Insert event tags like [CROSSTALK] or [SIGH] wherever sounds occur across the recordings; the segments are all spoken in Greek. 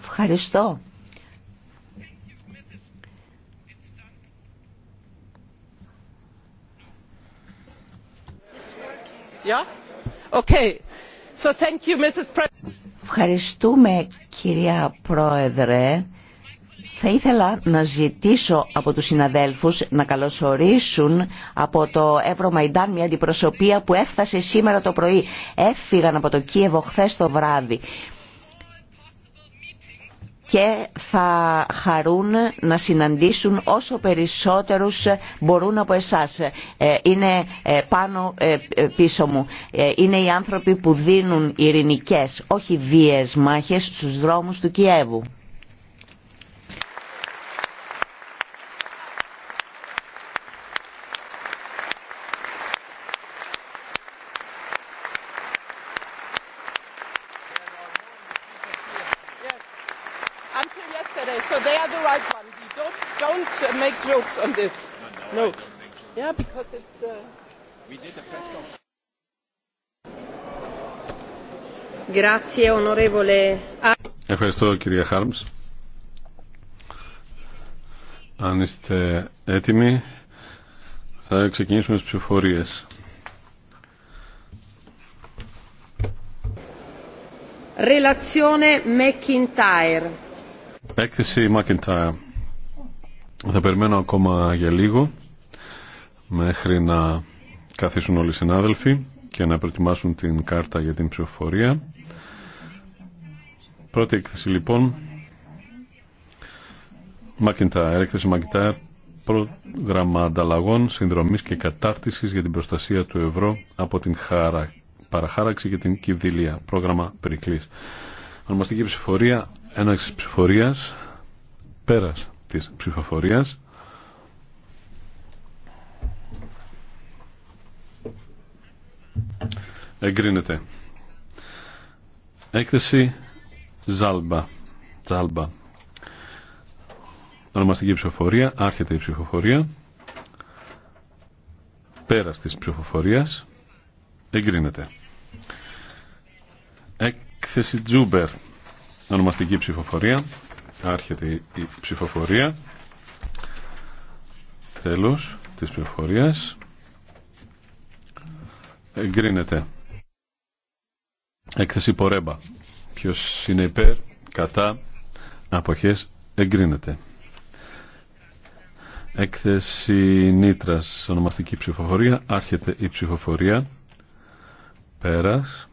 Ευχαριστώ. Ευχαριστούμε, κυρία Πρόεδρε. Θα ήθελα να ζητήσω από τους συναδέλφους να καλωσορίσουν από το Εύρο Μαϊντάν μια αντιπροσωπεία που έφτασε σήμερα το πρωί. Έφυγαν από το Κίεβο χθε το βράδυ και θα χαρούν να συναντήσουν όσο περισσότερους μπορούν από εσάς. Ε, είναι ε, πάνω ε, πίσω μου. Είναι οι άνθρωποι που δίνουν ειρηνικές, όχι βίαιες μάχες στους δρόμους του Κιέβου. on this? No. no, Yeah, because it's. Uh... We did a press conference. Grazie onorevole. Ευχαριστώ κυρία Χάρμς. Αν είστε έτοιμοι θα ξεκινήσουμε τις ψηφορίες. Relazione McIntyre. Έκθεση McIntyre. Θα περιμένω ακόμα για λίγο μέχρι να καθίσουν όλοι οι συνάδελφοι και να προετοιμάσουν την κάρτα για την ψηφοφορία. Πρώτη έκθεση λοιπόν Μακιντάρ, έκθεση Μακιντάρ, πρόγραμμα ανταλλαγών, συνδρομής και κατάρτισης για την προστασία του ευρώ από την χαρα... παραχάραξη και την κυβδηλία. Πρόγραμμα Περικλής. Ονομαστική ψηφορία, έναρξη ψηφορίας, πέρας της ψηφοφορίας. Εγκρίνεται. Έκθεση Ζάλμπα. Ζάλμπα. Ονομαστική ψηφοφορία. Άρχεται η ψηφοφορία. Πέρας της ψηφοφορίας. Εγκρίνεται. Έκθεση Τζούμπερ. Ονομαστική ψηφοφορία. Άρχεται η ψηφοφορία. Τέλος της ψηφοφορίας. Εγκρίνεται. Έκθεση πορέμπα. Ποιος είναι υπέρ, κατά, αποχές, εγκρίνεται. Έκθεση νήτρας, ονομαστική ψηφοφορία. Άρχεται η ψηφοφορία. Πέρας.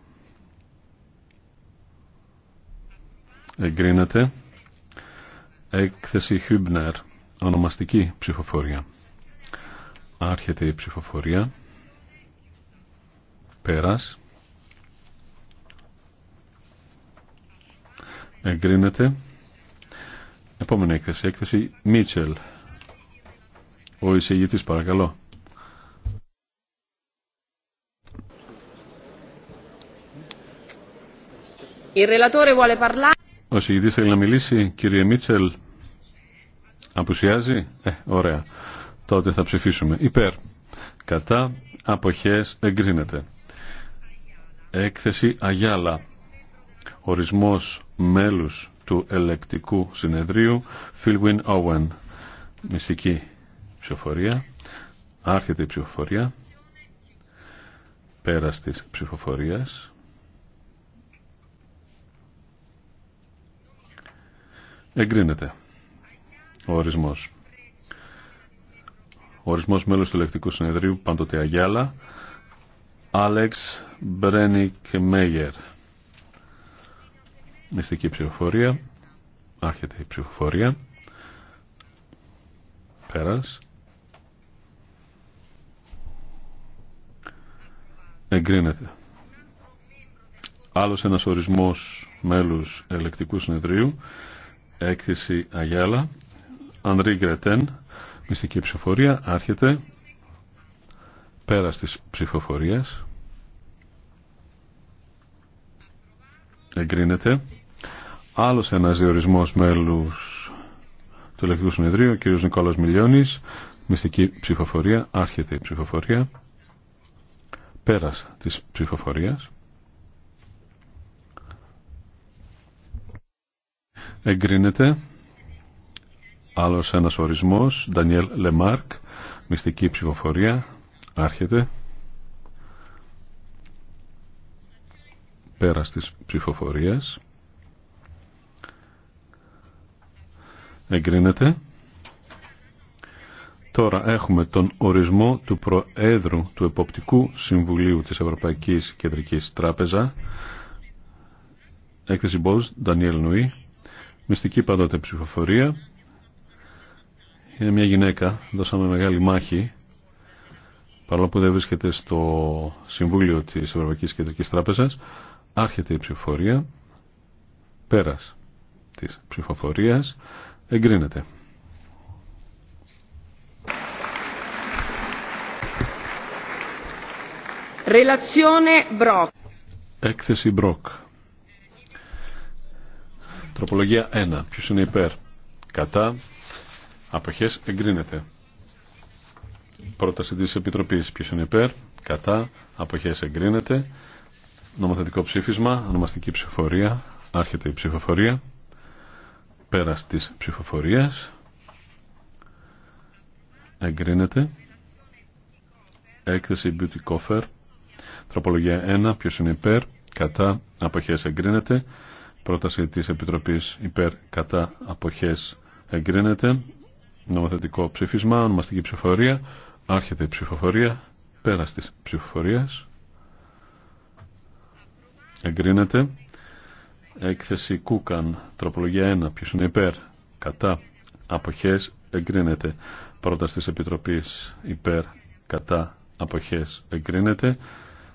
Εγκρίνεται. Έκθεση Χιούμπνερ. Ονομαστική ψηφοφορία. Άρχεται η ψηφοφορία. Πέρας. Εγκρίνεται. Επόμενη έκθεση. Έκθεση Μίτσελ. Ο εισηγητής παρακαλώ. Il relatore vuole parlare. Ο συγητής θέλει να μιλήσει. Κύριε Μίτσελ, απουσιάζει. Ε, ωραία. Τότε θα ψηφίσουμε. Υπέρ. Κατά. Αποχές. Εγκρίνεται. Έκθεση Αγιάλα. Ορισμός μέλους του ελεκτικού συνεδρίου Φιλουίν Όεν. Μυστική ψηφοφορία. Άρχεται η ψηφοφορία. Πέρας της ψηφοφορίας. Εγκρίνεται ο ορισμός. Ο ορισμός μέλος του ελεκτικού συνεδρίου, πάντοτε Αγιάλα, Άλεξ Μπρένικ Μέγερ. Μυστική ψηφοφορία. Άρχεται η ψηφοφορία. Πέρας. Εγκρίνεται. Άλλος ένας ορισμός μέλους ελεκτικού συνεδρίου Έκθεση Αγιάλα. Ανδρή Γκρετέν. Μυστική ψηφοφορία. Άρχεται. Πέρας της ψηφοφορίας. Εγκρίνεται. Άλλος ένας διορισμός μέλους του Ελευθερικού Συνεδρίου, ο κ. Νικόλας Μιλιώνης. Μυστική ψηφοφορία. Άρχεται η ψηφοφορία. Πέρας της ψηφοφορίας. Εγκρίνεται άλλος ένας ορισμός, Ντανιέλ Λεμάρκ, μυστική ψηφοφορία, άρχεται. Πέρας της ψηφοφορίας. Εγκρίνεται. Τώρα έχουμε τον ορισμό του Προέδρου του Εποπτικού Συμβουλίου της Ευρωπαϊκής Κεντρικής Τράπεζα. Έκθεση Μπόζ, Ντανιέλ Νουή. Μυστική πάντοτε ψηφοφορία. Είναι μια γυναίκα, δώσαμε μεγάλη μάχη, παρόλο που δεν βρίσκεται στο Συμβούλιο της Ευρωπαϊκής Κεντρικής Τράπεζας, άρχεται η ψηφοφορία, πέρας της ψηφοφορίας, εγκρίνεται. Relazione Brock. Έκθεση Brock. Τροπολογία 1. Ποιο είναι υπέρ. Κατά. αποχέ εγκρίνεται. Πρόταση τη επιτροπή. Ποιο είναι υπέρ. Κατά. αποχέ εγκρίνεται. Νομοθετικό ψήφισμα. Ονομαστική ψηφοφορία. Άρχεται η ψηφοφορία. Πέρα τη ψηφοφορία. Εγκρίνεται. Έκθεση Beauty Coffer. Τροπολογία 1. Ποιο είναι υπέρ. Κατά. Αποχές εγκρίνεται. Πρόταση της Επιτροπής υπέρ κατά αποχές εγκρίνεται. Νομοθετικό ψήφισμα, ονομαστική ψηφοφορία. Άρχεται η ψηφοφορία. Πέρας της ψηφοφορίας. Εγκρίνεται. Έκθεση Κούκαν, τροπολογία 1. Ποιος είναι υπέρ, κατά, αποχές, εγκρίνεται. Πρόταση της Επιτροπής υπέρ, κατά, αποχές, εγκρίνεται.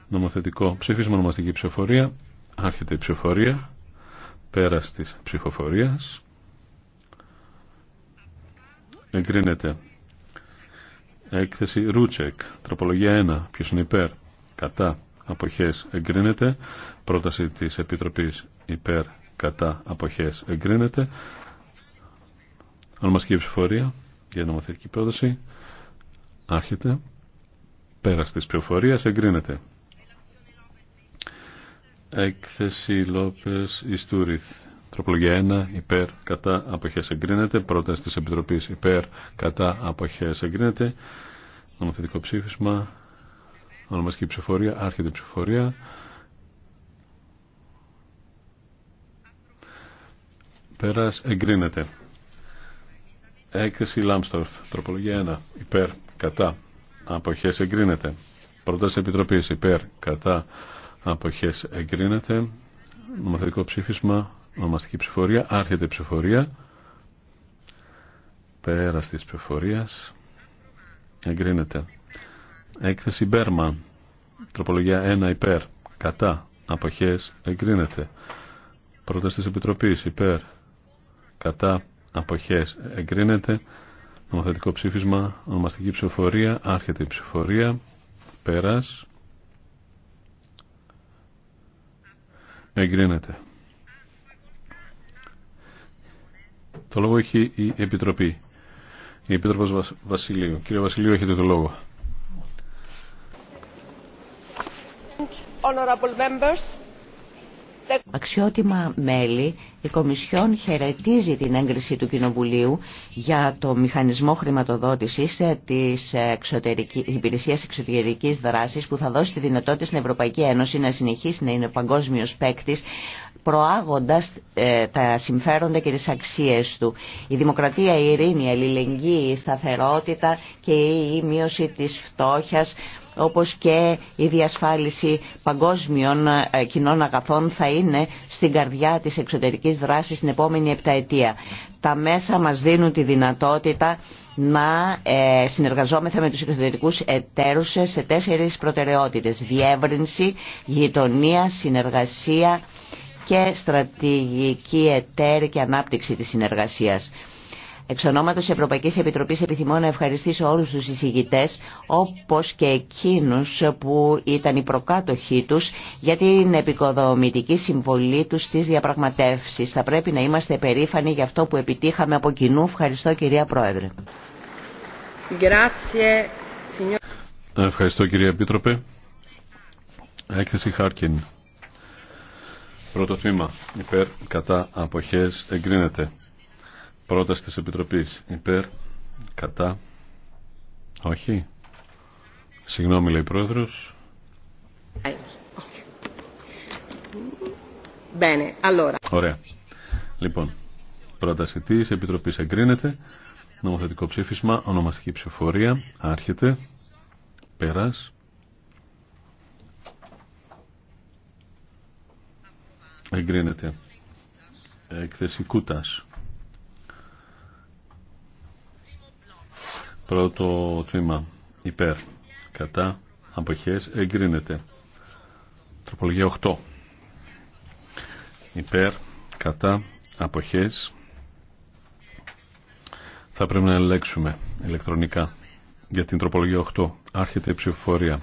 Νομοθετικό ψήφισμα, ονομαστική ψηφοφορία. Άρχεται η ψηφοφορία. Πέρας της ψηφοφορίας εγκρίνεται έκθεση Ρούτσεκ, τροπολογία 1, ποιος είναι υπέρ, κατά, αποχές εγκρίνεται, πρόταση της Επιτροπής υπέρ, κατά, αποχές εγκρίνεται, ονομαστική ψηφοφορία για νομοθετική πρόταση, άρχεται, πέρας της ψηφοφορίας εγκρίνεται. Έκθεση Λόπες Ιστούριθ. Τροπολογία 1. Υπέρ. Κατά. Αποχές εγκρίνεται. Πρόταση τη επιτροπή, Υπέρ. Κατά. Αποχές εγκρίνεται. Νομοθετικό ψήφισμα. Ονομαστική ψηφορία. Άρχεται ψηφορία. Πέρας εγκρίνεται. Έκθεση Λάμστορφ. Τροπολογία 1. Υπέρ. Κατά. Αποχές εγκρίνεται. Πρόταση Επιτροπής. Υπέρ. Κατά αποχές εγκρίνεται νομοθετικό ψήφισμα ονομαστική ψηφορία άρχεται η ψηφορία πέρας της ψηφορίας εγκρίνεται έκθεση Μπέρμα τροπολογία 1 υπέρ κατά αποχές εγκρίνεται πρόταση της Επιτροπής υπέρ κατά αποχές εγκρίνεται νομοθετικό ψήφισμα ονομαστική ψηφοφορία άρχεται η ψηφοφορία πέρας Εγκρίνεται. Το λόγο έχει η Επιτροπή. Η Επίτροπος Βασιλείου. Κύριε Βασιλείου, έχετε το λόγο. Honorable members, Αξιότιμα μέλη, η Κομισιόν χαιρετίζει την έγκριση του Κοινοβουλίου για το μηχανισμό χρηματοδότησης ε, της υπηρεσία υπηρεσίας εξωτερικής που θα δώσει τη δυνατότητα στην Ευρωπαϊκή Ένωση να συνεχίσει να είναι παγκόσμιος παίκτη προάγοντας ε, τα συμφέροντα και τις αξίες του. Η δημοκρατία, η ειρήνη, η αλληλεγγύη, η σταθερότητα και η μείωση της φτώχειας όπως και η διασφάλιση παγκόσμιων ε, κοινών αγαθών θα είναι στην καρδιά της εξωτερικής δράσης την επόμενη επταετία. Τα μέσα μας δίνουν τη δυνατότητα να ε, συνεργαζόμεθα με τους εξωτερικούς εταίρους σε τέσσερις προτεραιότητες. Διεύρυνση, γειτονία, συνεργασία και στρατηγική εταίρη και ανάπτυξη της συνεργασίας. Εξ ονόματος Ευρωπαϊκής Επιτροπής επιθυμώ να ευχαριστήσω όλους τους εισηγητέ, όπως και εκείνου, που ήταν οι προκάτοχοί του για την επικοδομητική συμβολή του στι διαπραγματεύσει. Θα πρέπει να είμαστε περήφανοι για αυτό που επιτύχαμε από κοινού. Ευχαριστώ κυρία Πρόεδρε. Ευχαριστώ κυρία Επίτροπε. Έκθεση Χάρκιν. Πρώτο τμήμα. Υπέρ κατά αποχές εγκρίνεται. Πρόταση της Επιτροπής. Υπέρ. Κατά. Όχι. Συγγνώμη λέει πρόεδρος. Ωραία. Λοιπόν, πρόταση της Επιτροπής εγκρίνεται. Νομοθετικό ψήφισμα, ονομαστική ψηφοφορία, άρχεται, πέρας. Εγκρίνεται. Εκθεση Πρώτο τμήμα υπέρ κατά αποχές εγκρίνεται. Τροπολογία 8. Υπέρ κατά αποχές θα πρέπει να ελέγξουμε ηλεκτρονικά για την τροπολογία 8. Άρχεται η ψηφοφορία.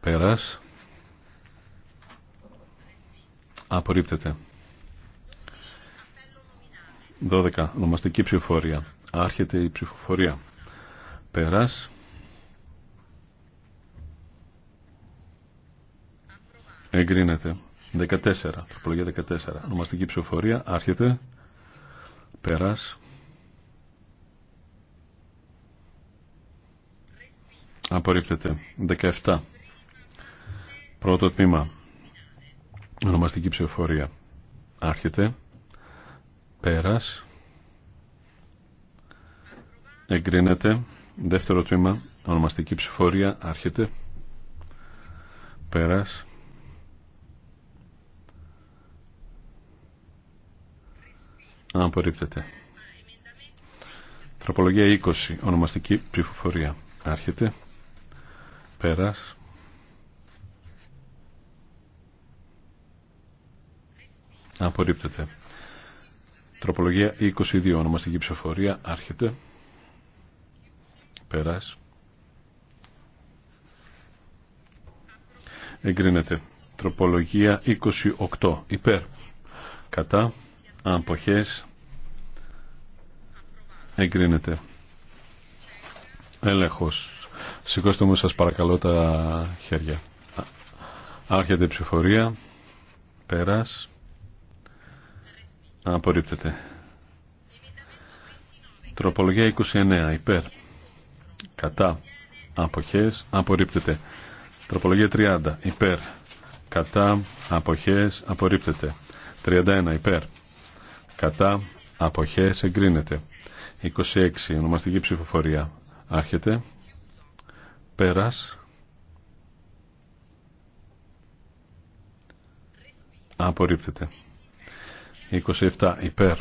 Πέρας. Απορρίπτεται. 12. Ονομαστική ψηφοφορία. Άρχεται η ψηφοφορία. Πέρας. Εγκρίνεται. 14. Τροπολογία 14. Ονομαστική ψηφοφορία. Άρχεται. Πέρας. Απορρίπτεται. 17. Πρώτο τμήμα. Ονομαστική ψηφοφορία. Άρχεται. Πέρας. Εγκρίνεται. Δεύτερο τμήμα, ονομαστική ψηφορία, άρχεται. Πέρας. Απορρίπτεται. Τροπολογία 20, ονομαστική ψηφοφορία, άρχεται. Πέρας. Απορρίπτεται. Τροπολογία 22, ονομαστική ψηφοφορία, άρχεται. Πέρας. Εγκρίνεται. Τροπολογία 28. Υπέρ. Κατά. Αποχές. Εγκρίνεται. Έλεγχος. Σηκώστε μου σας παρακαλώ τα χέρια. Άρχεται η ψηφορία. Πέρας. Απορρίπτεται. Τροπολογία 29. Υπέρ κατά αποχές απορρίπτεται. Τροπολογία 30 υπέρ κατά αποχές απορρίπτεται. 31 υπέρ κατά αποχές εγκρίνεται. 26 ονομαστική ψηφοφορία άρχεται. Πέρας απορρίπτεται. 27 υπέρ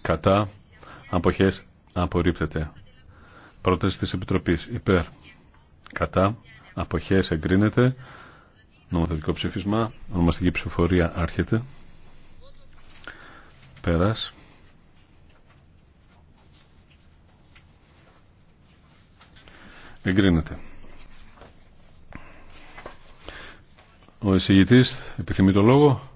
κατά αποχές απορρίπτεται πρόταση της Επιτροπής. Υπέρ. Κατά. Αποχές εγκρίνεται. Νομοθετικό ψήφισμα. Ονομαστική ψηφοφορία άρχεται. Πέρας. Εγκρίνεται. Ο εισηγητής επιθυμεί το λόγο.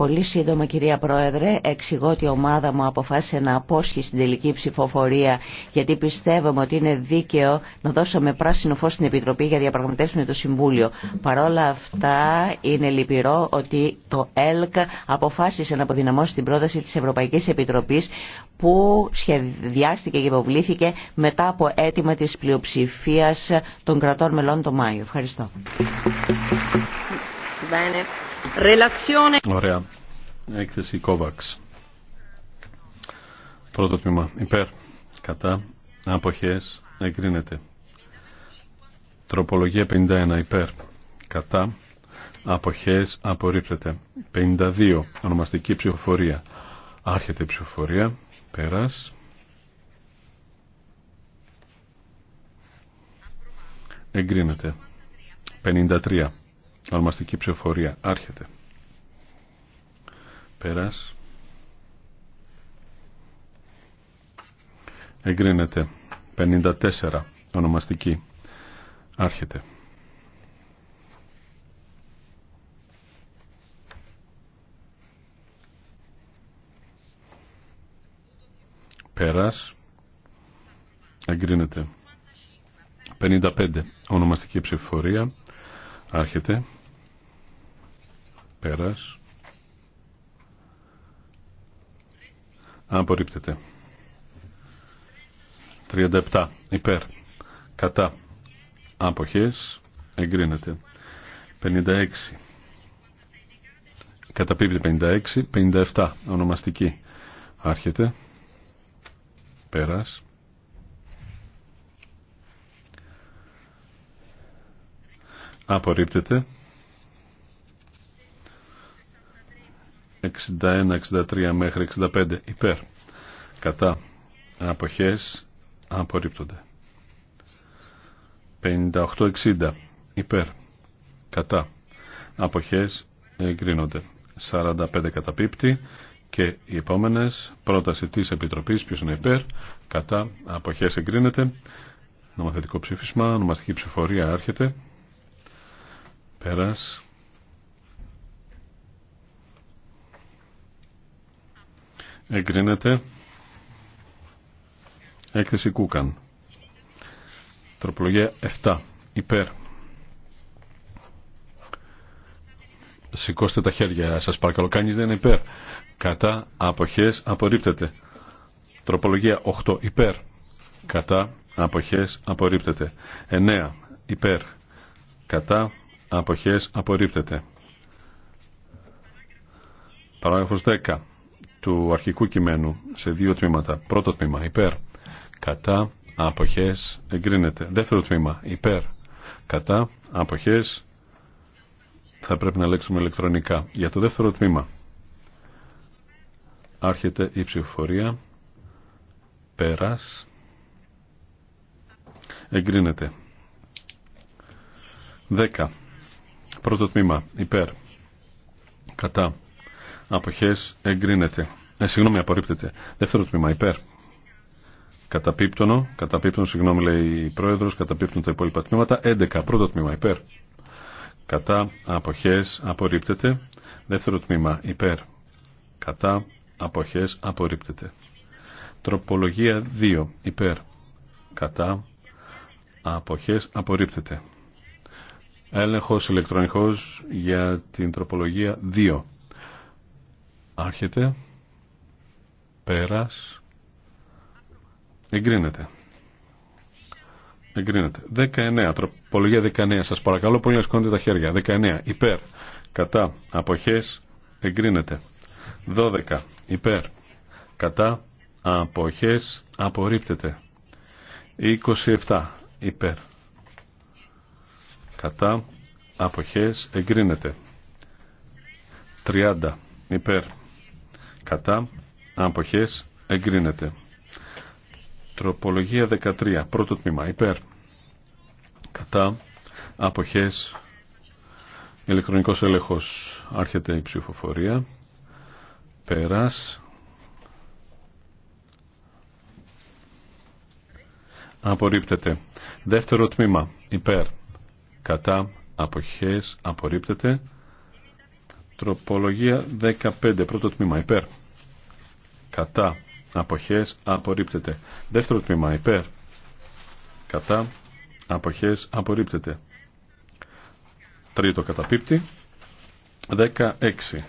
Πολύ σύντομα κυρία Πρόεδρε, εξηγώ ότι η ομάδα μου αποφάσισε να απόσχει στην τελική ψηφοφορία γιατί πιστεύουμε ότι είναι δίκαιο να δώσουμε πράσινο φως στην Επιτροπή για διαπραγματεύσει με το Συμβούλιο. Παρόλα αυτά είναι λυπηρό ότι το ΕΛΚ αποφάσισε να αποδυναμώσει την πρόταση της Ευρωπαϊκής Επιτροπής που σχεδιάστηκε και υποβλήθηκε μετά από αίτημα της πλειοψηφίας των κρατών μελών το Μάιο. Ευχαριστώ. Ωραία. Έκθεση Κόβαξ. Πρώτο τμήμα. Υπέρ. Κατά. Αποχές. Εγκρίνεται. Τροπολογία 51. Υπέρ. Κατά. Αποχές. Απορρίπτεται. 52. Ονομαστική ψηφοφορία. Άρχεται η ψηφοφορία. Πέρας. Εγκρίνεται. 53. Ονομαστική ψηφοφορία. Άρχεται. Πέρας. Εγκρίνεται. 54. Ονομαστική. Άρχεται. Πέρας. Εγκρίνεται. 55. Ονομαστική ψηφοφορία. Άρχεται. Πέρας. Απορρίπτεται. 37. Υπέρ. Κατά. Αποχές. Εγκρίνεται. 56. Καταπίπτει 56. 57. Ονομαστική. Άρχεται. Πέρας. Απορρίπτεται. 61-63 μέχρι 65 υπέρ κατά αποχές απορρίπτονται 58-60 υπέρ κατά αποχές εγκρίνονται 45 καταπίπτει και οι επόμενες πρόταση της Επιτροπής ποιος είναι υπέρ κατά αποχές εγκρίνεται νομοθετικό ψήφισμα, νομαστική ψηφορία άρχεται πέρας Εγκρίνεται. Έκθεση Κούκαν. Τροπολογία 7. Υπέρ. Σηκώστε τα χέρια σας παρακαλώ. Κανείς δεν είναι υπέρ. Κατά αποχές απορρίπτεται. Τροπολογία 8. Υπέρ. Κατά αποχές απορρίπτεται. 9. Υπέρ. Κατά αποχές απορρίπτεται. Παράγραφος 10 του αρχικού κειμένου σε δύο τμήματα. Πρώτο τμήμα υπέρ, κατά, αποχές, εγκρίνεται. Δεύτερο τμήμα υπέρ, κατά, αποχές, θα πρέπει να λέξουμε ηλεκτρονικά. Για το δεύτερο τμήμα άρχεται η ψηφοφορία, πέρας, εγκρίνεται. Δέκα. Πρώτο τμήμα υπέρ, κατά, αποχές εγκρίνεται. Ε, συγγνώμη, απορρίπτεται. Δεύτερο τμήμα, υπέρ. Καταπίπτωνο, καταπίπτωνο, συγγνώμη λέει η πρόεδρος, καταπίπτωνο τα υπόλοιπα τμήματα. 11, πρώτο τμήμα, υπέρ. Κατά, αποχές, απορρίπτεται. Δεύτερο τμήμα, υπέρ. Κατά, αποχές, απορρίπτεται. Τροπολογία 2, υπέρ. Κατά, αποχές, απορρίπτεται. Έλεγχος ηλεκτρονικός για την τροπολογία 2. Άρχεται. Πέρας. Εγκρίνεται. Εγκρίνεται. 19. Τροπολογία 19. Σας παρακαλώ πολύ να τα χέρια. 19. Υπέρ. Κατά. Αποχές. Εγκρίνεται. 12. Υπέρ. Κατά. Αποχές. Απορρίπτεται. 27. Υπέρ. Κατά. Αποχές. Εγκρίνεται. 30. Υπέρ κατά, αποχές, εγκρίνεται. Τροπολογία 13, πρώτο τμήμα, υπέρ, κατά, αποχές, ηλεκτρονικός έλεγχος, άρχεται η ψηφοφορία, πέρας, απορρίπτεται. Δεύτερο τμήμα, υπέρ, κατά, αποχές, απορρίπτεται. Τροπολογία 15, πρώτο τμήμα, υπέρ, κατά αποχές απορρίπτεται. Δεύτερο τμήμα υπέρ κατά αποχές απορρίπτεται. Τρίτο Δέκα 16.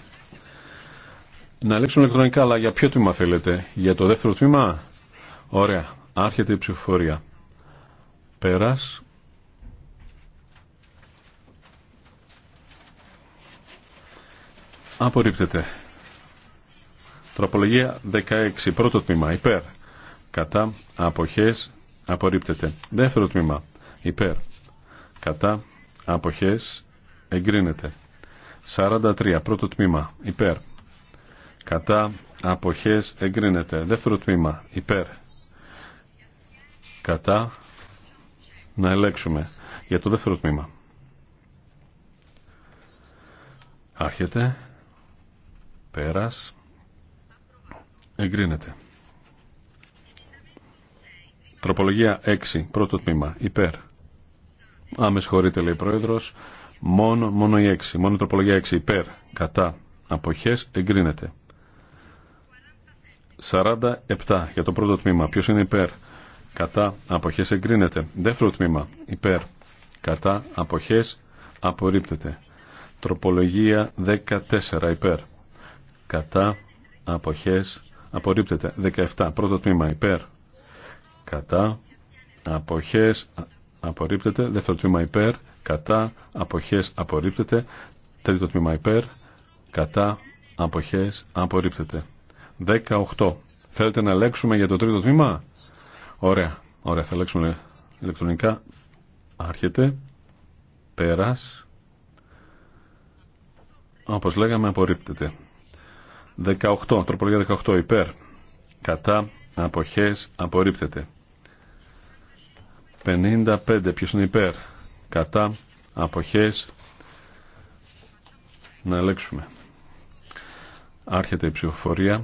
Να λέξουμε ηλεκτρονικά, αλλά για ποιο τμήμα θέλετε. Για το δεύτερο τμήμα. Ωραία. Άρχεται η ψηφοφορία. Πέρας. Απορρίπτεται. Τροπολογία 16. Πρώτο τμήμα. Υπέρ. Κατά. Αποχές. Απορρίπτεται. Δεύτερο τμήμα. Υπέρ. Κατά. Αποχές. Εγκρίνεται. 43. Πρώτο τμήμα. Υπέρ. Κατά. Αποχές. Εγκρίνεται. Δεύτερο τμήμα. Υπέρ. Κατά. Να ελέξουμε. Για το δεύτερο τμήμα. Άρχεται. Πέρας. Εγκρίνεται. Τροπολογία 6. Πρώτο τμήμα. Υπέρ. Α, με συγχωρείτε λέει πρόεδρος. Μόνο, μόνο η 6. Μόνο η τροπολογία 6. Υπέρ. Κατά. Αποχές. Εγκρίνεται. 47 για το πρώτο τμήμα. Ποιο είναι υπέρ. Κατά. Αποχές. Εγκρίνεται. Δεύτερο τμήμα. Υπέρ. Κατά. Αποχές. Απορρίπτεται. Τροπολογία 14. Υπέρ. Κατά. Αποχές απορρίπτεται 17 πρώτο τμήμα υπέρ κατά αποχές απορρίπτεται δεύτερο τμήμα υπέρ κατά αποχές απορρίπτεται τρίτο τμήμα υπέρ κατά αποχές απορρίπτεται 18 θέλετε να λέξουμε για το τρίτο τμήμα ωραία, ωραία θα λέξουμε ηλεκτρονικά άρχεται πέρας όπως λέγαμε απορρίπτεται 18, τροπολογία 18 υπέρ, κατά, αποχές, απορρίπτεται. 55, ποιος είναι υπέρ, κατά, αποχές, να ελέξουμε. Άρχεται η ψηφοφορία,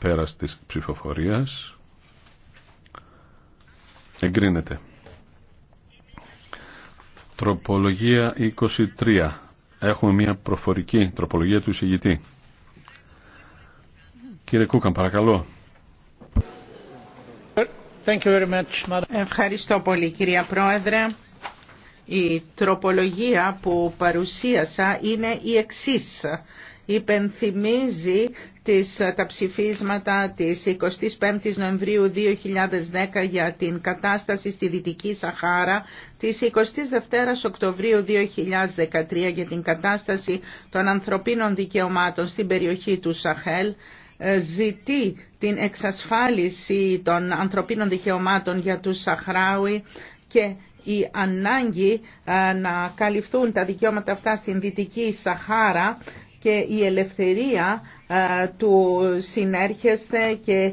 πέρας της ψηφοφορίας, εγκρίνεται. Τροπολογία 23. Έχουμε μια προφορική τροπολογία του εισηγητή. Ευχαριστώ πολύ κυρία Πρόεδρε. Η τροπολογία που παρουσίασα είναι η εξής. Υπενθυμίζει τα ψηφίσματα της 25ης Νοεμβρίου 2010 για την κατάσταση στη Δυτική Σαχάρα, της 22ης Οκτωβρίου 2013 για την κατάσταση των ανθρωπίνων δικαιωμάτων στην περιοχή του Σαχέλ ε, ζητεί την εξασφάλιση των ανθρωπίνων δικαιωμάτων για τους Σαχράουι και η ανάγκη ε, να καλυφθούν τα δικαιώματα αυτά στην Δυτική Σαχάρα και η ελευθερία ε, του συνέρχεστε και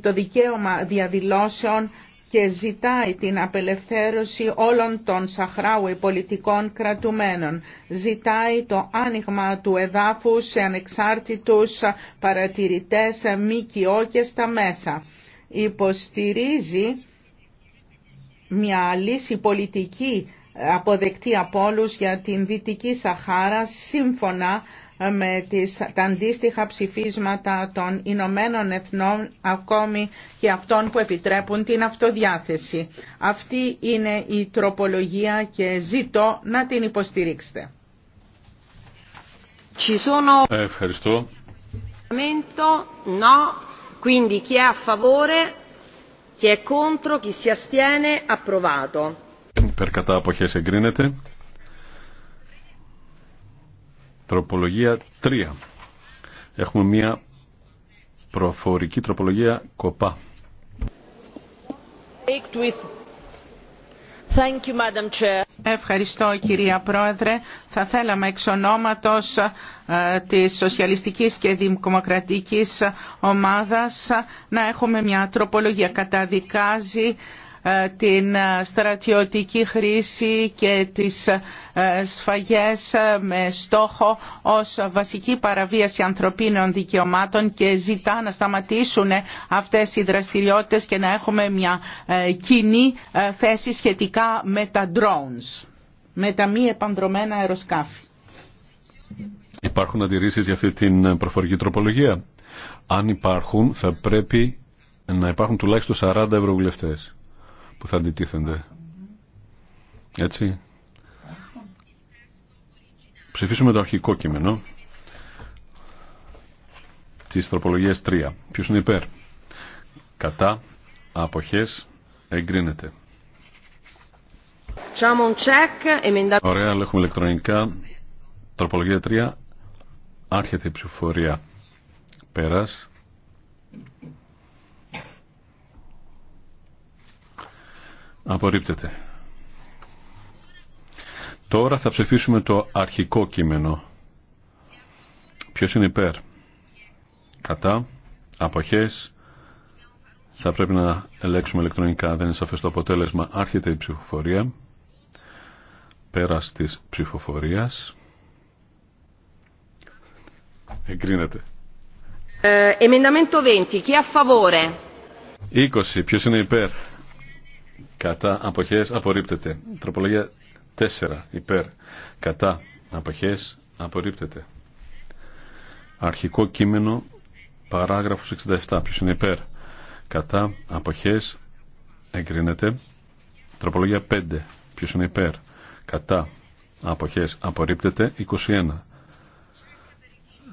το δικαίωμα διαδηλώσεων και ζητάει την απελευθέρωση όλων των Σαχράουι πολιτικών κρατουμένων. Ζητάει το άνοιγμα του εδάφου σε ανεξάρτητους παρατηρητές μη και στα μέσα. Υποστηρίζει μια λύση πολιτική αποδεκτή από όλους για την Δυτική Σαχάρα σύμφωνα με τις, τα αντίστοιχα ψηφίσματα των Ηνωμένων Εθνών ακόμη και αυτών που επιτρέπουν την αυτοδιάθεση. Αυτή είναι η τροπολογία και ζητώ να την υποστηρίξετε. Ευχαριστώ. No. Quindi chi è a favore, chi è contro, chi si astiene, approvato. Per κατά αποχές εγκρίνεται. Τροπολογία 3. Έχουμε μία προφορική τροπολογία κοπά. Ευχαριστώ κυρία Πρόεδρε. Θα θέλαμε εξ ονόματος ε, της Σοσιαλιστικής και Δημοκρατικής Ομάδας να έχουμε μια τροπολογία. Καταδικάζει ε, την ε, στρατιωτική χρήση και τις ε, σφαγές με στόχο ως βασική παραβίαση ανθρωπίνων δικαιωμάτων και ζητά να σταματήσουν αυτές οι δραστηριότητες και να έχουμε μια κοινή θέση σχετικά με τα drones, με τα μη επανδρομένα αεροσκάφη. Υπάρχουν αντιρρήσεις για αυτή την προφορική τροπολογία. Αν υπάρχουν θα πρέπει να υπάρχουν τουλάχιστον 40 ευρωβουλευτές που θα αντιτίθενται. Έτσι. Ψηφίσουμε το αρχικό κείμενο Τη τροπολογίας 3. Ποιος είναι υπέρ. Κατά. Αποχές. Εγκρίνεται. Ωραία, αλλά έχουμε ηλεκτρονικά. Τροπολογία 3. Άρχεται η ψηφοφορία. Πέρας. Απορρίπτεται. Τώρα θα ψηφίσουμε το αρχικό κείμενο. Ποιος είναι υπέρ. Κατά. Αποχές. Θα πρέπει να ελέγξουμε ηλεκτρονικά. Δεν είναι σαφές το αποτέλεσμα. Άρχεται η ψηφοφορία. Πέρας της ψηφοφορίας. Εγκρίνεται. Ε, εμενταμέντο 20. Chi a favore? 20. Ποιος είναι υπέρ κατά αποχές απορρίπτεται. Τροπολογία 4 υπέρ κατά αποχές απορρίπτεται. Αρχικό κείμενο παράγραφος 67 ποιος είναι υπέρ κατά αποχές εγκρίνεται. Τροπολογία 5 ποιος είναι υπέρ κατά αποχές απορρίπτεται 21.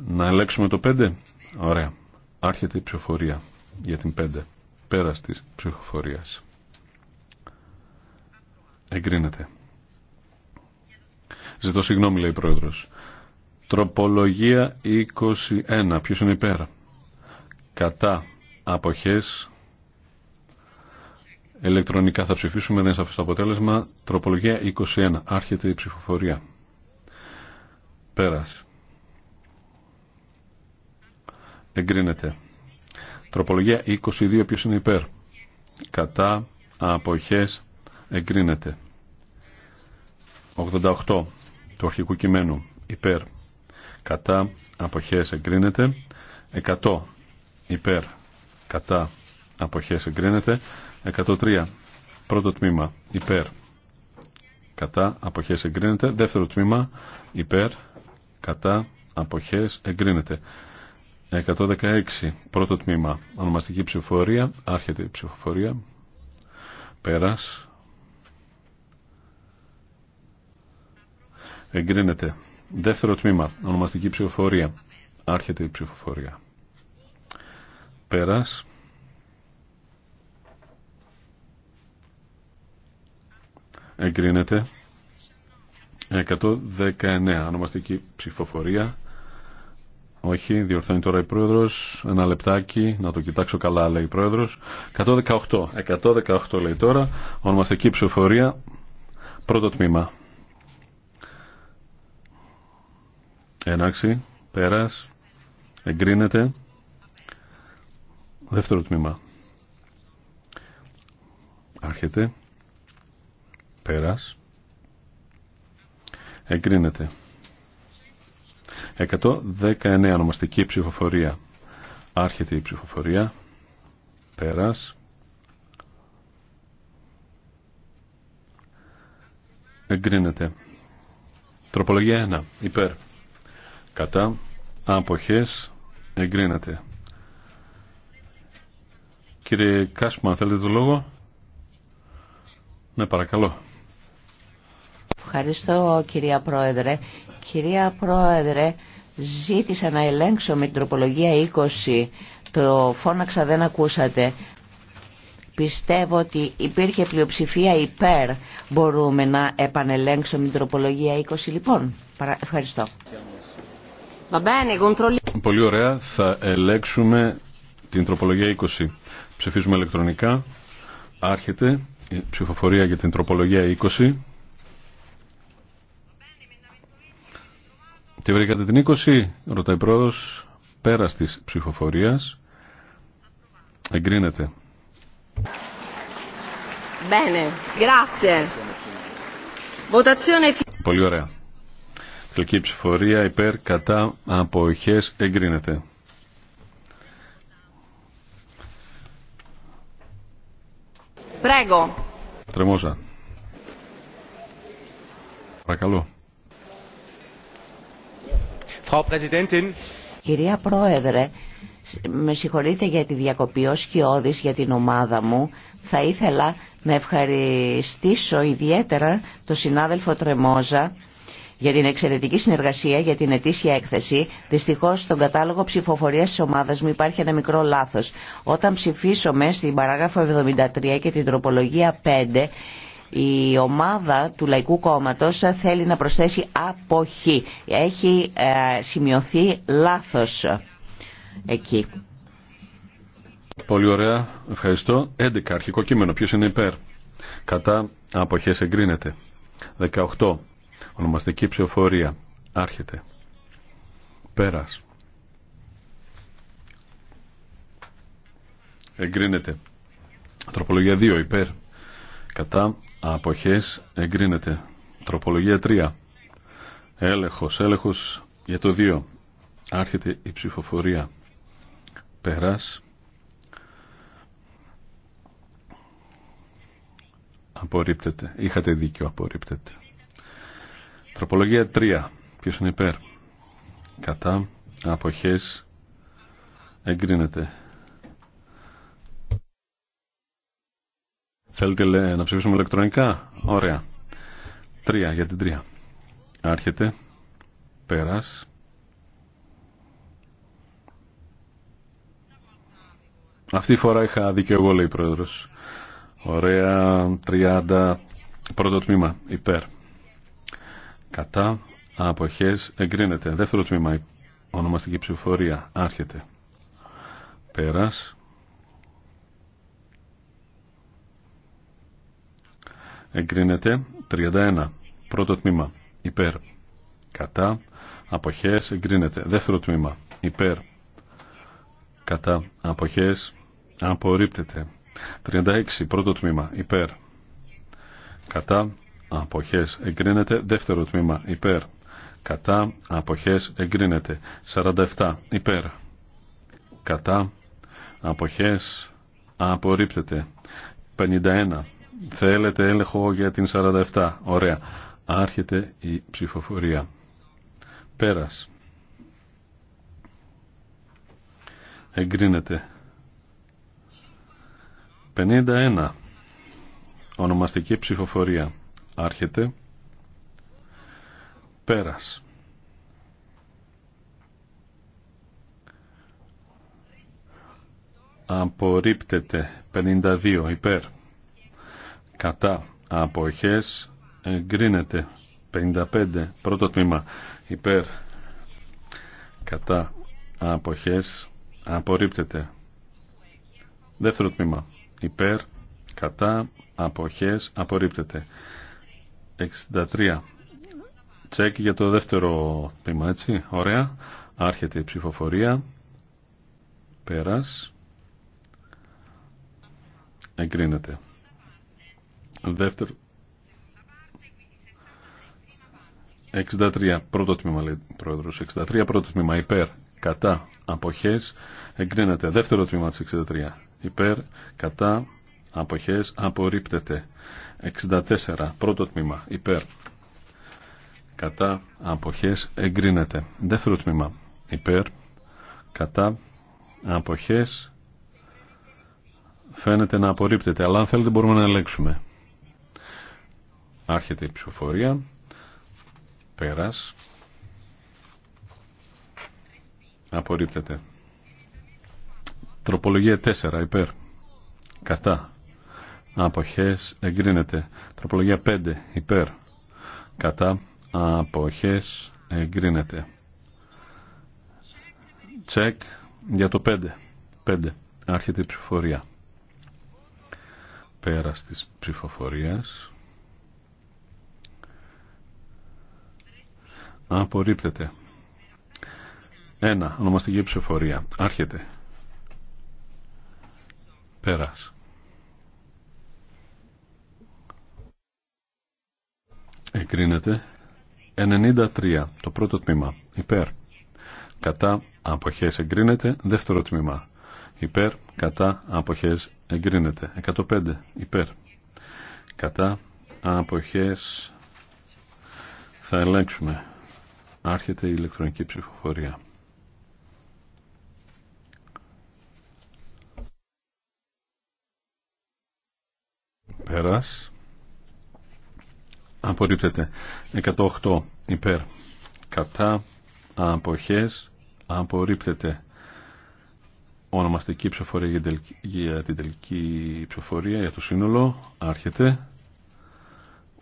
Να ελέξουμε το 5. Ωραία. Άρχεται η ψηφοφορία για την 5. πέρα της ψηφοφορία. Εγκρίνεται. Ζητώ συγγνώμη, λέει η Πρόεδρος. Τροπολογία 21. Ποιος είναι υπέρ. Κατά απόχέ. Ελεκτρονικά θα ψηφίσουμε, δεν είναι σαφέ το αποτέλεσμα. Τροπολογία 21. Άρχεται η ψηφοφορία. Πέρασε. Εγκρίνεται. Τροπολογία 22. ποιο είναι υπέρ. Κατά αποχές εγκρίνεται. 88 το αρχικού κειμένου υπέρ κατά αποχές εγκρίνεται. 100 υπέρ κατά αποχές εγκρίνεται. 103 πρώτο τμήμα υπέρ κατά αποχές εγκρίνεται. Δεύτερο τμήμα υπέρ κατά αποχές εγκρίνεται. 116 πρώτο τμήμα ονομαστική ψηφοφορία, άρχεται η ψηφοφορία, πέρας, Εγκρίνεται. Δεύτερο τμήμα. Ονομαστική ψηφοφορία. Άρχεται η ψηφοφορία. Πέρας. Εγκρίνεται. 119. Ονομαστική ψηφοφορία. Όχι, διορθώνει τώρα η πρόεδρος. Ένα λεπτάκι, να το κοιτάξω καλά, λέει η πρόεδρος. 118. 118 λέει τώρα. Ονομαστική ψηφοφορία. Πρώτο τμήμα. Ενάξι, Πέρας. Εγκρίνεται. Δεύτερο τμήμα. Άρχεται. Πέρας. Εγκρίνεται. 119 ονομαστική ψηφοφορία. Άρχεται η ψηφοφορία. Πέρας. Εγκρίνεται. Τροπολογία 1. Υπέρ κατά αποχές εγκρίνεται Κύριε Κάσμα θέλετε το λόγο Ναι παρακαλώ Ευχαριστώ κυρία Πρόεδρε Κυρία Πρόεδρε ζήτησα να ελέγξω με την τροπολογία 20 το φώναξα δεν ακούσατε πιστεύω ότι υπήρχε πλειοψηφία υπέρ μπορούμε να επανελέγξουμε την τροπολογία 20 λοιπόν. Ευχαριστώ. Πολύ ωραία. Θα ελέξουμε την τροπολογία 20. Ψηφίζουμε ηλεκτρονικά. Άρχεται η ψηφοφορία για την τροπολογία 20. Τη βρήκατε την 20, ρωτάει πρόεδρος, πέρας της ψηφοφορίας. Εγκρίνεται. Πολύ ωραία. Τελική ψηφορία υπέρ κατά αποχές εγκρίνεται. Παρακαλώ. Κυρία Πρόεδρε, με συγχωρείτε για τη διακοπή ως σκιώδης για την ομάδα μου. Θα ήθελα να ευχαριστήσω ιδιαίτερα τον συνάδελφο Τρεμόζα για την εξαιρετική συνεργασία για την ετήσια έκθεση. Δυστυχώ στον κατάλογο ψηφοφορία τη ομάδα μου υπάρχει ένα μικρό λάθο. Όταν ψηφίσουμε στην παράγραφο 73 και την τροπολογία 5, η ομάδα του Λαϊκού Κόμματος θέλει να προσθέσει αποχή. Έχει ε, σημειωθεί λάθος εκεί. Πολύ ωραία. Ευχαριστώ. 11. Αρχικό κείμενο. Ποιος είναι υπέρ. Κατά αποχές εγκρίνεται. 18. Ονομαστική ψηφοφορία. Άρχεται. Πέρας. Εγκρίνεται. Τροπολογία 2 υπέρ. Κατά αποχές εγκρίνεται. Τροπολογία 3. Έλεγχος. Έλεγχος για το 2. Άρχεται η ψηφοφορία. Πέρας. Απορρίπτεται. Είχατε δίκιο. Απορρίπτεται. Τροπολογία 3. Ποιος είναι υπέρ. Κατά. Αποχές. Εγκρίνεται. Θέλετε λέ, να ψηφίσουμε ηλεκτρονικά. Ωραία. 3 για την 3. Άρχεται. Πέρας. Αυτή η φορά είχα δίκιο εγώ λέει η Πρόεδρος. Ωραία. 30. Πρώτο τμήμα. Υπέρ κατά αποχές εγκρίνεται. Δεύτερο τμήμα ονομαστική ψηφοφορία. άρχεται. Πέρας. Εγκρίνεται 31. Πρώτο τμήμα υπέρ κατά αποχές εγκρίνεται. Δεύτερο τμήμα υπέρ κατά αποχές απορρίπτεται. 36. Πρώτο τμήμα υπέρ κατά αποχές εγκρίνεται. Δεύτερο τμήμα υπέρ. Κατά αποχές εγκρίνεται. 47 υπέρ. Κατά αποχές απορρίπτεται. 51. Θέλετε έλεγχο για την 47. Ωραία. Άρχεται η ψηφοφορία. Πέρας. Εγκρίνεται. 51. Ονομαστική ψηφοφορία. Άρχεται. Πέρας. Απορρίπτεται. 52 υπέρ. Κατά. Αποχές. Εγκρίνεται. 55. Πρώτο τμήμα. Υπέρ. Κατά. Αποχές. Απορρίπτεται. Δεύτερο τμήμα. Υπέρ. Κατά. Αποχές. Απορρίπτεται. 63. Τσέκ για το δεύτερο τμήμα, έτσι. Ωραία. Άρχεται η ψηφοφορία. Πέρας. Εγκρίνεται. Δεύτερο. 63. Πρώτο τμήμα, λέει ο Πρόεδρος. 63. Πρώτο τμήμα. Υπέρ. Κατά. Αποχές. Εγκρίνεται. Δεύτερο τμήμα τη 63. Υπέρ. Κατά. Αποχές. Απορρίπτεται. 64. Πρώτο τμήμα. Υπέρ. Κατά αποχές εγκρίνεται. Δεύτερο τμήμα. Υπέρ. Κατά αποχές φαίνεται να απορρίπτεται. Αλλά αν θέλετε μπορούμε να ελέγξουμε. Άρχεται η ψηφοφορία. Πέρας. Απορρίπτεται. Τροπολογία 4. Υπέρ. Κατά αποχές εγκρίνεται. Τροπολογία 5 υπέρ κατά αποχές εγκρίνεται. Τσεκ για το 5. 5. Άρχεται η ψηφοφορία. Πέρα της ψηφοφορίας. Απορρίπτεται. 1. Ονομαστική ψηφοφορία. Άρχεται. Πέρας. Εγκρίνεται 93 το πρώτο τμήμα. Υπέρ. Κατά αποχές εγκρίνεται δεύτερο τμήμα. Υπέρ. Κατά αποχές εγκρίνεται 105. Υπέρ. Κατά αποχές θα ελέγξουμε. Άρχεται η ηλεκτρονική ψηφοφορία. Πέρας απορρίπτεται 108 υπέρ κατά αποχές απορρίπτεται ονομαστική ψηφοφορία για την τελική ψηφοφορία για το σύνολο άρχεται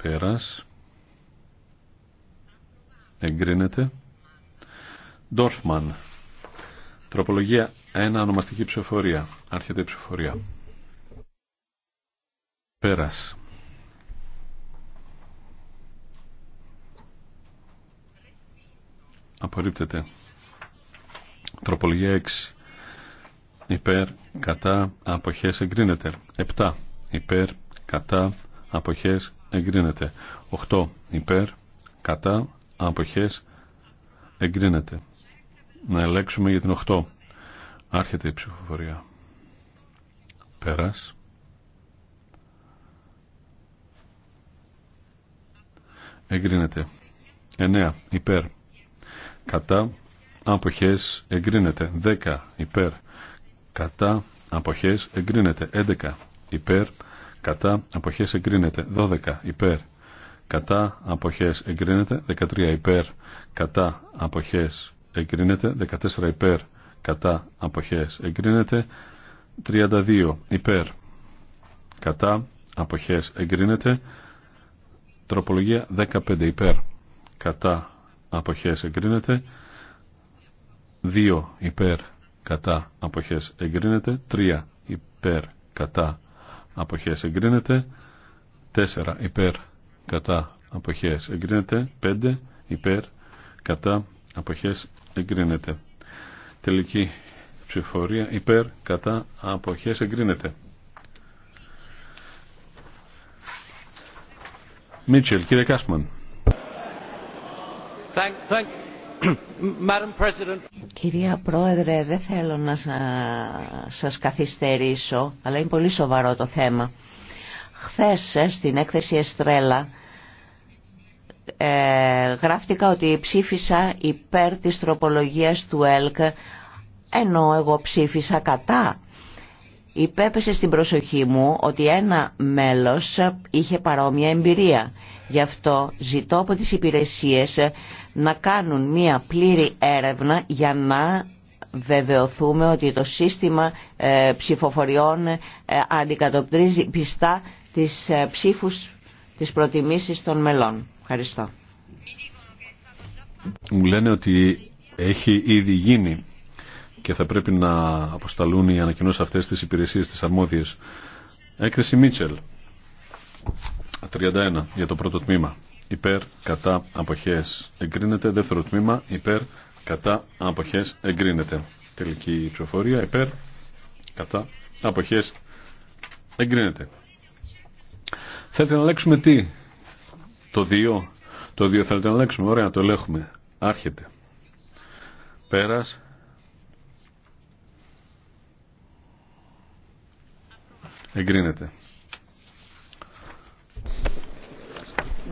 πέρας εγκρίνεται Ντόρφμαν τροπολογία 1 ονομαστική ψηφοφορία άρχεται η ψηφοφορία πέρας απορρίπτεται. Τροπολογία 6 υπέρ κατά αποχές εγκρίνεται. 7 υπέρ κατά αποχές εγκρίνεται. 8 υπέρ κατά αποχές εγκρίνεται. Να ελέξουμε για την 8. Άρχεται η ψηφοφορία. Πέρας. Εγκρίνεται. 9. Υπέρ κατά αποχές εγκρίνεται 10 υπέρ κατά αποχές εγκρίνεται 11 υπέρ κατά αποχές εγκρίνεται 12 υπέρ κατά αποχές εγκρίνεται 13 υπέρ κατά αποχές εγκρίνεται 14 υπέρ κατά αποχές εγκρίνεται 32 υπέρ κατά αποχές εγκρίνεται τροπολογία 15 υπέρ κατά αποχές εγκρίνεται 2 υπέρ κατά αποχές εγκρίνεται 3 υπέρ κατά αποχές εγκρίνεται 4 υπέρ κατά αποχές εγκρίνεται 5 υπέρ κατά αποχές εγκρίνεται τελική ψηφορία υπέρ κατά αποχές εγκρίνεται Μίτσελ, κύριε Κάσμαν. [CLEARS THROAT] Κυρία Πρόεδρε, δεν θέλω να σας καθυστερήσω, αλλά είναι πολύ σοβαρό το θέμα. Χθες ε, στην έκθεση Εστρέλα ε, γράφτηκα ότι ψήφισα υπέρ της τροπολογίας του ΕΛΚ, ενώ εγώ ψήφισα κατά. Υπέπεσε στην προσοχή μου ότι ένα μέλος είχε παρόμοια εμπειρία. Γι' αυτό ζητώ από τις υπηρεσίες να κάνουν μία πλήρη έρευνα για να βεβαιωθούμε ότι το σύστημα ε, ψηφοφοριών ε, αντικατοπτρίζει πιστά τις ε, ψήφους της προτιμήσεις των μελών. Ευχαριστώ. Μου λένε ότι έχει ήδη γίνει και θα πρέπει να αποσταλούν οι ανακοινώσεις αυτές τις υπηρεσίες της αρμόδιες. Έκθεση Μίτσελ, 31 για το πρώτο τμήμα υπέρ, κατά, αποχές, εγκρίνεται. Δεύτερο τμήμα, υπέρ, κατά, αποχές, εγκρίνεται. Τελική ψηφοφορία, υπέρ, κατά, αποχές, εγκρίνεται. Θέλετε να αλλάξουμε τι, το 2, το 2 θέλετε να αλλάξουμε, ωραία, το ελέγχουμε. Άρχεται. Πέρας. Εγκρίνεται.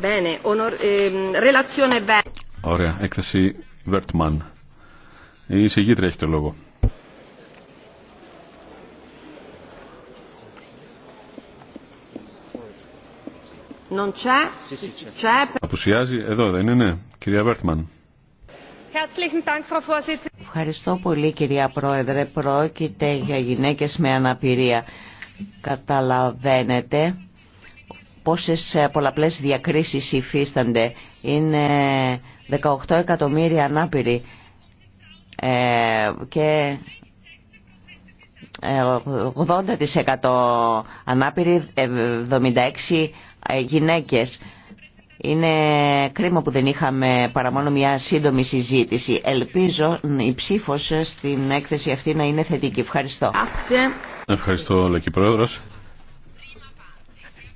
Ehm, Ωραία, έκθεση Βερτμάν. Η εισηγήτρια έχει το λόγο. Non Απουσιάζει, εδώ δεν είναι, ναι. κυρία Βέρτμαν. Ευχαριστώ πολύ κυρία Πρόεδρε. Πρόκειται για γυναίκες με αναπηρία. Καταλαβαίνετε πόσες ε, πολλαπλές διακρίσεις υφίστανται. Είναι 18 εκατομμύρια ανάπηροι ε, και 80% ε, ανάπηροι, 76 γυναίκες. Είναι κρίμα που δεν είχαμε παρά μόνο μια σύντομη συζήτηση. Ελπίζω η ψήφος στην έκθεση αυτή να είναι θετική. Ευχαριστώ. Ευχαριστώ, Λεκή Πρόεδρος.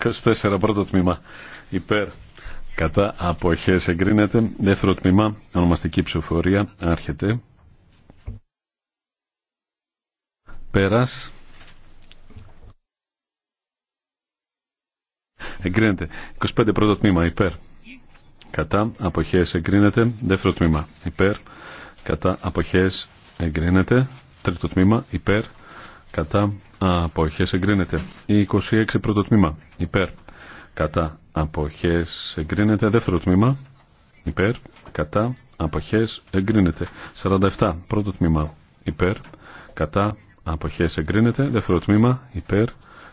24 πρώτο τμήμα υπέρ κατά αποχές εγκρίνεται. Δεύτερο τμήμα ονομαστική ψηφοφορία άρχεται. Πέρας. Εγκρίνεται. 25 πρώτο τμήμα υπέρ. Κατά αποχές εγκρίνεται. Δεύτερο τμήμα υπέρ. Κατά αποχές εγκρίνεται. Τρίτο τμήμα υπέρ κατά αποχές εγκρίνεται. 26 πρώτο τμήμα υπέρ κατά Αποχέ εγκρίνεται. Δεύτερο τμήμα υπέρ κατά απόχέ εγκρίνεται. 47 πρώτο τμήμα υπέρ κατά απόχέ εγκρίνεται. Δεύτερο τμήμα υπέρ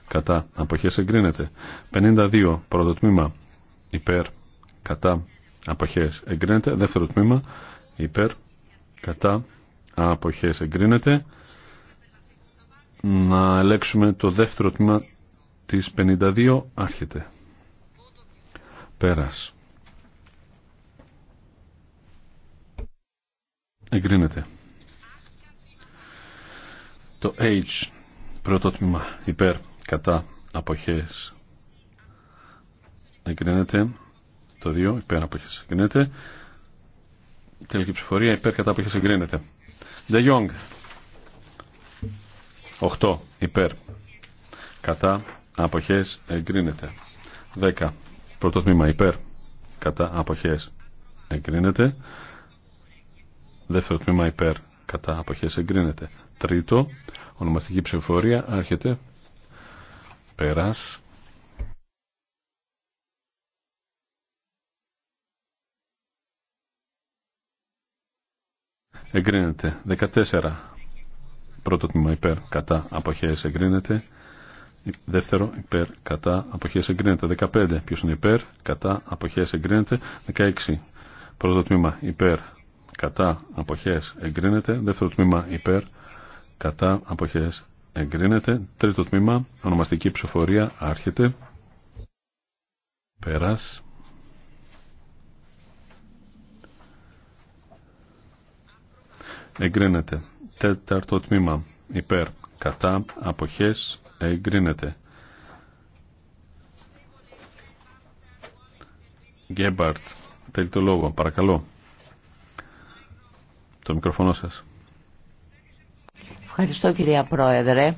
κατά απόχέ εγκρίνεται. 52 πρώτο τμήμα υπέρ κατά απόχέ εγκρίνεται. Δεύτερο τμήμα υπέρ κατά Αποχέ εγκρίνεται να ελέξουμε το δεύτερο τμήμα της 52 άρχεται. Πέρας. Εγκρίνεται. Το H, πρώτο τμήμα, υπέρ, κατά, αποχές. Εγκρίνεται. Το 2, υπέρ, αποχές. Εγκρίνεται. Τελική ψηφορία, υπέρ, κατά, αποχές. Εγκρίνεται. De Jong, 8 υπέρ κατά αποχές εγκρίνεται 10 πρώτο τμήμα υπέρ κατά αποχές εγκρίνεται δεύτερο τμήμα υπέρ κατά αποχές εγκρίνεται τρίτο ονομαστική ψηφοφορία άρχεται πέρας εγκρίνεται 14 Πρώτο τμήμα υπέρ κατά αποχές εγκρίνεται. Δεύτερο υπέρ κατά αποχές εγκρίνεται. 15. Ποιος είναι υπέρ κατά αποχές εγκρίνεται. 16. Πρώτο τμήμα υπέρ κατά αποχές εγκρίνεται. Δεύτερο τμήμα υπέρ κατά αποχές εγκρίνεται. Τρίτο τμήμα ονομαστική ψηφοφορία άρχεται. Πέρας. Εγκρίνεται. Τέταρτο τμήμα υπέρ κατά αποχές εγκρίνεται. Γκέμπαρτ, θέλει το λόγο, παρακαλώ. Το μικροφωνό σας. Ευχαριστώ κυρία Πρόεδρε.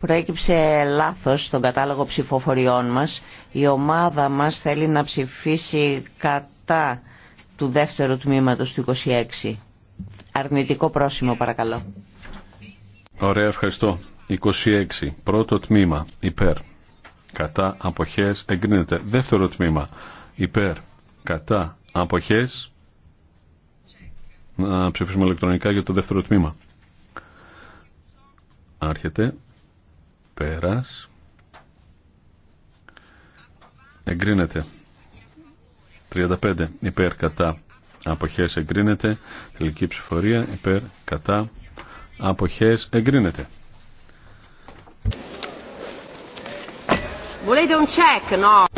Προέκυψε λάθος στον κατάλογο ψηφοφοριών μας. Η ομάδα μας θέλει να ψηφίσει κατά του δεύτερου τμήματος του 26 αρνητικό πρόσημο παρακαλώ. Ωραία, ευχαριστώ. 26. Πρώτο τμήμα, υπέρ. Κατά αποχές εγκρίνεται. Δεύτερο τμήμα, υπέρ. Κατά αποχές. Να ψηφίσουμε ηλεκτρονικά για το δεύτερο τμήμα. Άρχεται. Πέρας. Εγκρίνεται. 35. Υπέρ κατά Αποχές εγκρίνεται. Τελική ψηφορία υπέρ κατά. Αποχές εγκρίνεται.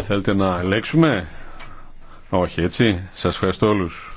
Θέλετε να ελέγξουμε. Όχι έτσι. Σας ευχαριστώ όλους.